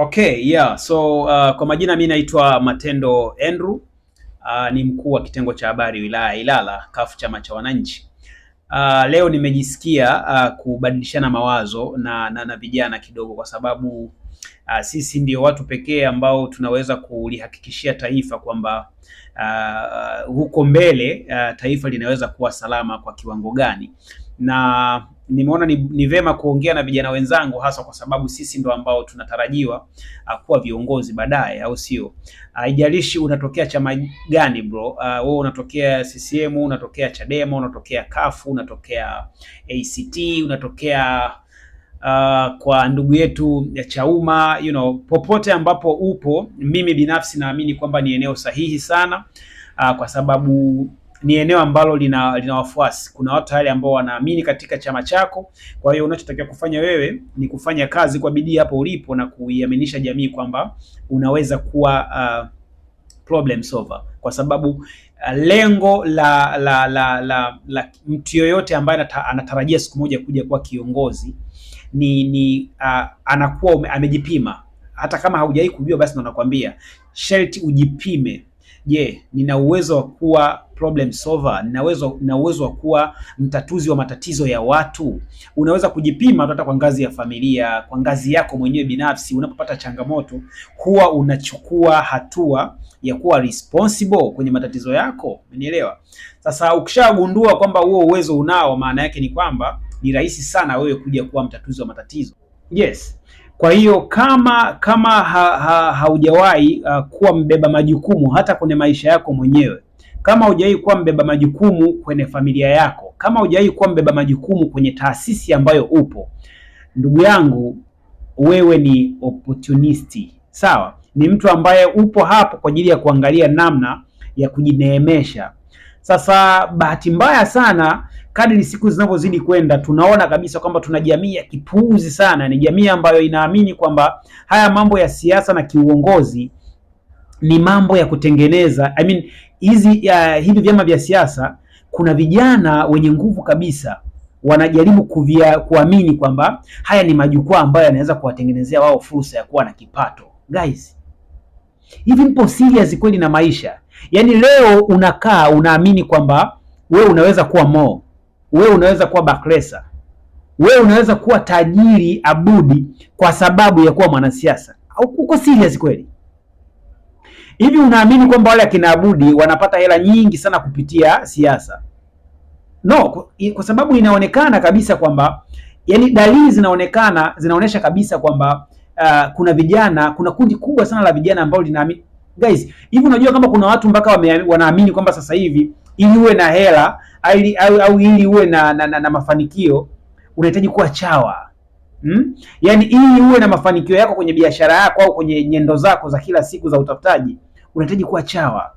Okay, yeah. So uh, kwa majina mi naitwa Matendo Andrew. Uh, ni mkuu wa kitengo cha habari wilaya Ilala kafu chama cha wananchi. Uh, leo nimejisikia uh, kubadilishana mawazo na, na, na vijana kidogo kwa sababu uh, sisi ndio watu pekee ambao tunaweza kulihakikishia taifa kwamba uh, huko mbele uh, taifa linaweza kuwa salama kwa kiwango gani na nimeona ni, ni vema kuongea na vijana wenzangu, hasa kwa sababu sisi ndo ambao tunatarajiwa uh, kuwa viongozi baadaye, au sio? Haijalishi uh, unatokea chama gani bro, ah, wewe uh, unatokea CCM, unatokea Chadema, unatokea kafu, unatokea ACT, unatokea Uh, kwa ndugu yetu ya Chauma, you know, popote ambapo upo, mimi binafsi naamini kwamba ni eneo sahihi sana uh, kwa sababu ni eneo ambalo lina, lina wafuasi. Kuna watu tayari ambao wanaamini katika chama chako. Kwa hiyo unachotakiwa kufanya wewe ni kufanya kazi kwa bidii hapo ulipo na kuiaminisha jamii kwamba unaweza kuwa uh, problem solver kwa sababu uh, lengo la la la, la, la mtu yoyote ambaye anatarajia siku moja kuja kuwa kiongozi ni ni uh, anakuwa ume, amejipima. Hata kama haujawahi kujua, basi ndo nakwambia sharti ujipime Je, nina uwezo wa kuwa problem solver? Nina uwezo uwezo wa kuwa mtatuzi wa matatizo ya watu? Unaweza kujipima hata kwa ngazi ya familia, kwa ngazi yako mwenyewe binafsi. Unapopata changamoto, huwa unachukua hatua ya kuwa responsible kwenye matatizo yako, unielewa? Sasa ukishagundua kwamba huo uwezo unao, maana yake ni kwamba ni rahisi sana wewe kuja kuwa mtatuzi wa matatizo. Yes. Kwa hiyo kama kama ha, ha, haujawahi uh, kuwa mbeba majukumu hata kwenye maisha yako mwenyewe, kama hujawahi kuwa mbeba majukumu kwenye familia yako, kama hujawahi kuwa mbeba majukumu kwenye taasisi ambayo upo, ndugu yangu, wewe ni opportunist, sawa? Ni mtu ambaye upo hapo kwa ajili ya kuangalia namna ya kujineemesha sasa bahati mbaya sana, kadri siku zinavyozidi kwenda, tunaona kabisa kwamba tuna jamii ya kipuuzi sana. Ni jamii ambayo inaamini kwamba haya mambo ya siasa na kiuongozi ni mambo ya kutengeneza. I mean, hizi uh, hivi vyama vya siasa, kuna vijana wenye nguvu kabisa wanajaribu kuvia, kuamini kwamba haya ni majukwaa ambayo yanaweza kuwatengenezea wao fursa ya kuwa na kipato. Guys, hivi mpo serious kweli na maisha? Yaani leo unakaa unaamini kwamba wewe unaweza kuwa Mo, wewe unaweza kuwa Bakresa, wewe unaweza kuwa tajiri Abudi kwa sababu ya kuwa mwanasiasa. Uko serious kweli? Hivi unaamini kwamba wale akina Abudi wanapata hela nyingi sana kupitia siasa? No, kwa sababu inaonekana kabisa kwamba yani, dalili zinaonekana zinaonyesha kabisa kwamba uh, kuna vijana, kuna kundi kubwa sana la vijana ambao linaamini Guys, hivi unajua kama kuna watu mpaka wanaamini kwamba sasa hivi ili uwe na hela au, au ili uwe na, na, na, na mafanikio unahitaji kuwa chawa hmm? Yaani ili uwe na mafanikio yako kwenye biashara yako au kwenye nyendo zako za kila siku za utafutaji unahitaji kuwa chawa.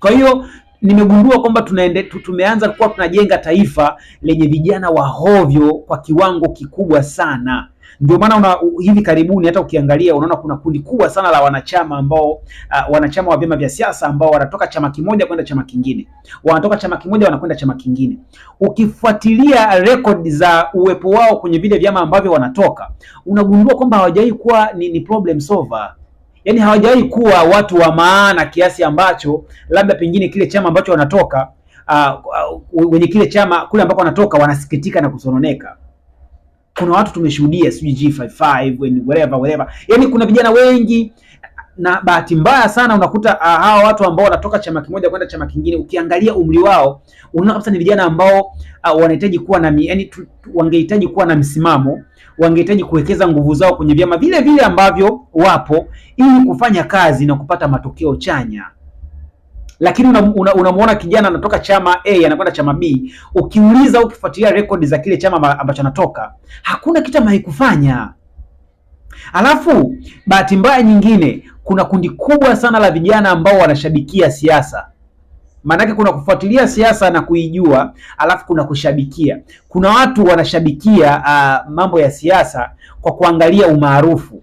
Kwa hiyo nimegundua kwamba tunaende, tumeanza kuwa tunajenga taifa lenye vijana wahovyo kwa kiwango kikubwa sana. Ndio maana una hivi karibuni hata ukiangalia unaona kuna kundi kubwa sana la wanachama ambao uh, wanachama wa vyama vya siasa ambao wanatoka chama kimoja kwenda chama kingine, wanatoka chama kimoja wanakwenda chama kingine. Ukifuatilia record za uwepo wao kwenye vile vyama ambavyo wanatoka, unagundua kwamba hawajawahi kuwa ni, ni problem solver yaani hawajawahi kuwa watu wa maana kiasi ambacho labda pengine kile chama ambacho wanatoka uh, wenye kile chama kule ambako wanatoka wanasikitika na kusononeka kuna watu tumeshuhudia sijui G55 and whatever whatever, yani kuna vijana wengi na bahati mbaya sana unakuta ah, hawa watu ambao wanatoka chama kimoja kwenda chama kingine, ukiangalia umri wao unaona kabisa ni vijana ambao uh, wanahitaji kuwa na yani, wangehitaji kuwa na msimamo, wangehitaji kuwekeza nguvu zao kwenye vyama vile vile ambavyo wapo ili kufanya kazi na kupata matokeo chanya lakini unamuona una, una kijana anatoka chama A anakwenda chama B, ukiuliza ukifuatilia rekodi za kile chama ambacho anatoka hakuna kitu amewahi kufanya. Alafu bahati mbaya nyingine, kuna kundi kubwa sana la vijana ambao wanashabikia siasa. Maanake kuna kufuatilia siasa na kuijua, alafu kuna kushabikia. Kuna watu wanashabikia uh, mambo ya siasa kwa kuangalia umaarufu.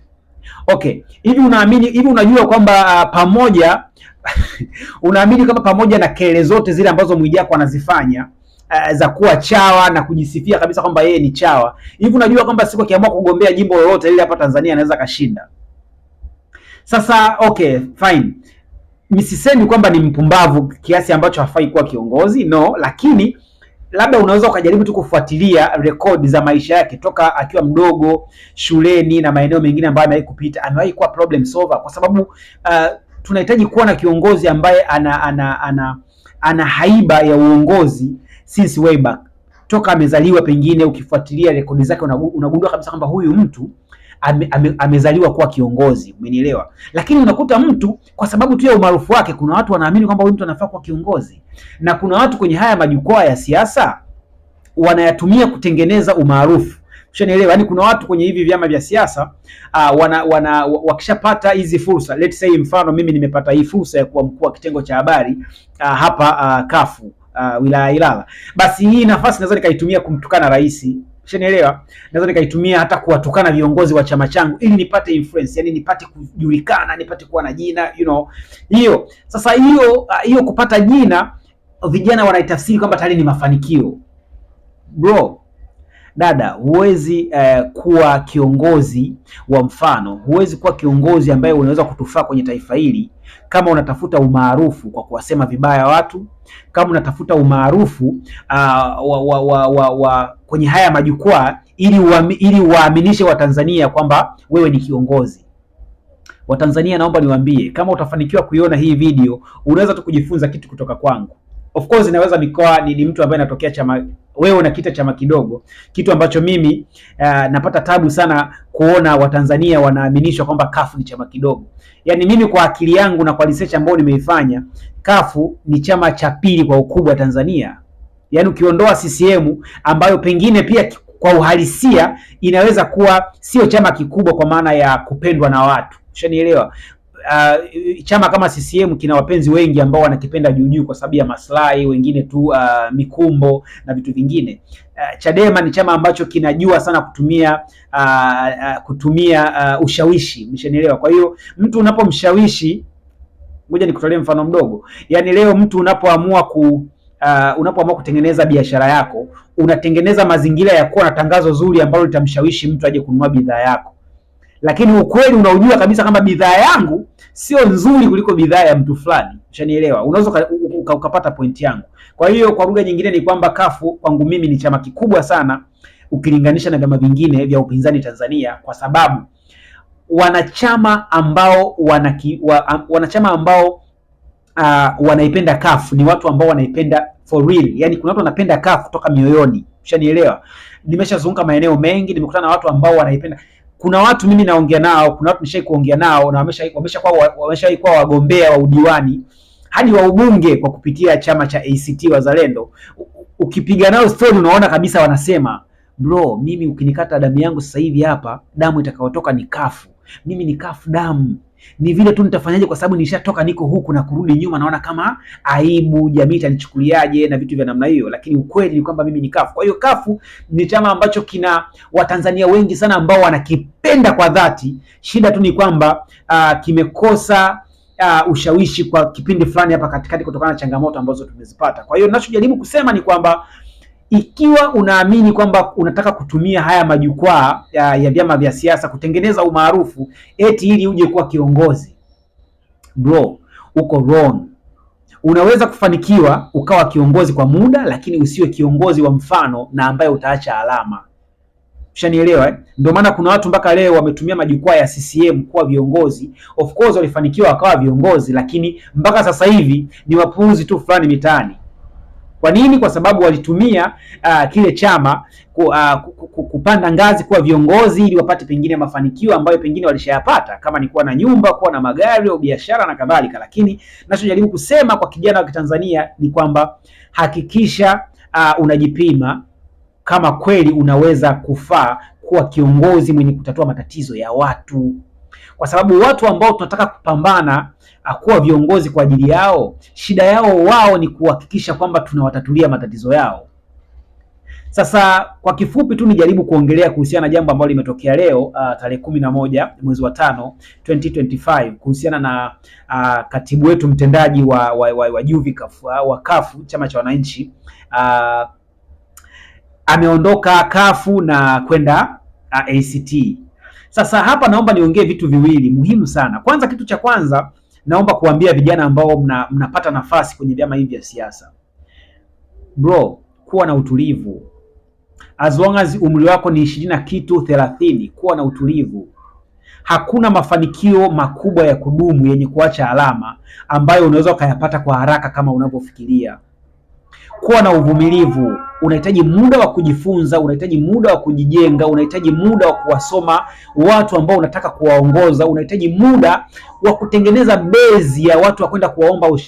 Okay, hivi unaamini, hivi unajua kwamba uh, pamoja unaamini kama pamoja na kele zote zile ambazo Mwijaku anazifanya uh, za kuwa chawa na kujisifia kabisa kwamba yeye ni chawa hivi, unajua kwamba siku akiamua kugombea jimbo lolote lile hapa Tanzania anaweza kashinda. Sasa okay fine, nisisemi kwamba ni mpumbavu kiasi ambacho hafai kuwa kiongozi no, lakini labda unaweza ukajaribu tu kufuatilia rekodi za maisha yake toka akiwa mdogo shuleni na maeneo mengine ambayo amewahi kupita. Amewahi kuwa problem solver kwa sababu uh, tunahitaji kuwa na kiongozi ambaye ana, ana, ana, ana haiba ya uongozi since way back, toka amezaliwa. Pengine ukifuatilia rekodi zake unagundua kabisa kwamba huyu mtu ame, ame, amezaliwa kuwa kiongozi, umenielewa? Lakini unakuta mtu kwa sababu tu ya umaarufu wake, kuna watu wanaamini kwamba huyu mtu anafaa kuwa kiongozi, na kuna watu kwenye haya majukwaa ya siasa wanayatumia kutengeneza umaarufu Ushanielewa? Yani kuna watu kwenye hivi vyama vya siasa uh, wana, wana wakishapata hizi fursa, let's say mfano mimi nimepata hii fursa ya kuwa mkuu wa kitengo cha habari uh, hapa uh, Kafu uh, wilaya Ilala, basi hii nafasi naweza nikaitumia kumtukana rais Ushanielewa? Naweza nikaitumia hata kuwatukana viongozi wa chama changu ili nipate influence, yani nipate kujulikana, nipate kuwa na jina, you know. Hiyo sasa hiyo hiyo kupata jina vijana wanaitafsiri kwamba tayari ni mafanikio. Bro, dada, huwezi eh, kuwa kiongozi wa mfano, huwezi kuwa kiongozi ambaye unaweza kutufaa kwenye taifa hili kama unatafuta umaarufu kwa kuwasema vibaya watu, kama unatafuta umaarufu uh, wa, wa, wa, wa, wa, kwenye haya majukwaa ili wa, ili waaminishe Watanzania kwamba wewe ni kiongozi. Watanzania, naomba niwaambie, kama utafanikiwa kuiona hii video, unaweza tu kujifunza kitu kutoka kwangu. Of course, inaweza nikawa ni, ni mtu ambaye natokea chama wewe unakita kita chama kidogo, kitu ambacho mimi uh, napata tabu sana kuona Watanzania wanaaminishwa kwamba kafu ni chama kidogo. Yaani mimi kwa akili yangu na kwa research ambayo nimeifanya, kafu ni chama cha pili kwa ukubwa Tanzania, yaani ukiondoa CCM ambayo pengine pia kwa uhalisia inaweza kuwa sio chama kikubwa kwa maana ya kupendwa na watu, ushanielewa uh, chama kama CCM kina wapenzi wengi ambao wanakipenda juu juu kwa sababu ya maslahi, wengine tu uh, mikumbo na vitu vingine. Uh, Chadema ni chama ambacho kinajua sana kutumia uh, uh kutumia uh, ushawishi, mshanielewa. Kwa hiyo mtu unapomshawishi, ngoja nikutolee mfano mdogo, yaani leo mtu unapoamua ku Uh, unapoamua kutengeneza biashara yako unatengeneza mazingira ya kuwa na tangazo zuri ambalo litamshawishi mtu aje kununua bidhaa yako lakini ukweli unaujua kabisa kama bidhaa yangu sio nzuri kuliko bidhaa ya mtu fulani. Ushanielewa? Unaweza ukapata pointi yangu. Kwa hiyo kwa lugha nyingine ni kwamba kafu kwangu mimi ni chama kikubwa sana ukilinganisha na vyama vingine vya upinzani Tanzania, kwa sababu wanachama ambao wanaki, wa, wanachama ambao uh, wanaipenda kafu ni watu ambao wanaipenda for real, yani kuna watu wanapenda kafu toka mioyoni. Ushanielewa? Nimeshazunguka maeneo mengi, nimekutana na watu ambao wanaipenda kuna watu mimi naongea nao, kuna watu nishai kuongea nao na wamesha kuwa wagombea wa udiwani hadi wa ubunge kwa kupitia chama cha ACT Wazalendo. Ukipiga nao stori, unaona kabisa wanasema bro, mimi ukinikata damu yangu sasa hivi hapa, damu itakayotoka ni kafu mimi ni kafu damu, ni vile tu nitafanyaje, kwa sababu nishatoka niko huku na kurudi nyuma, naona kama aibu, jamii itanichukuliaje na vitu vya namna hiyo, lakini ukweli ni kwamba mimi ni kafu. Kwa hiyo kafu ni chama ambacho kina Watanzania wengi sana ambao wanakipenda kwa dhati. Shida tu ni kwamba uh, kimekosa Uh, ushawishi kwa kipindi fulani hapa katikati kutokana na changamoto ambazo tumezipata. Kwa hiyo ninachojaribu kusema ni kwamba ikiwa unaamini kwamba unataka kutumia haya majukwaa ya, ya vyama vya siasa kutengeneza umaarufu eti ili uje kuwa kiongozi, bro, uko wrong. Unaweza kufanikiwa ukawa kiongozi kwa muda, lakini usiwe kiongozi wa mfano na ambaye utaacha alama. Ushanielewa eh? Ndio maana kuna watu mpaka leo wametumia majukwaa ya CCM kuwa viongozi. Of course walifanikiwa wakawa viongozi, lakini mpaka sasa hivi ni wapuuzi tu fulani mitaani. Kwa nini? Kwa sababu walitumia uh, kile chama ku, uh, kupanda ngazi kuwa viongozi ili wapate pengine mafanikio ambayo pengine walishayapata kama ni kuwa na nyumba, kuwa na magari au biashara na kadhalika. Lakini nachojaribu kusema kwa kijana wa Kitanzania ni kwamba hakikisha uh, unajipima kama kweli unaweza kufaa kuwa kiongozi mwenye kutatua matatizo ya watu kwa sababu watu ambao tunataka kupambana akuwa ah, viongozi kwa ajili yao, shida yao wao ni kuhakikisha kwamba tunawatatulia matatizo yao. Sasa kwa kifupi tu nijaribu kuongelea kuhusiana na jambo ambalo limetokea leo uh, tarehe kumi na moja mwezi wa tano 2025 kuhusiana na uh, katibu wetu mtendaji wa, wa, wa, wa JUVCAF uh, wa kafu chama cha wananchi uh, ameondoka kafu na kwenda uh, ACT sasa hapa naomba niongee vitu viwili muhimu sana. Kwanza, kitu cha kwanza naomba kuambia vijana ambao mna, mnapata nafasi kwenye vyama hivi vya siasa, bro, kuwa na utulivu. As long as umri wako ni ishirini na kitu thelathini, kuwa na utulivu. Hakuna mafanikio makubwa ya kudumu yenye kuacha alama ambayo unaweza ukayapata kwa haraka kama unavyofikiria. Kuwa na uvumilivu, unahitaji muda wa kujifunza, unahitaji muda wa kujijenga, unahitaji muda wa kuwasoma watu ambao unataka kuwaongoza, unahitaji muda wa kutengeneza bezi ya watu wa kwenda kuwaomba ushauri.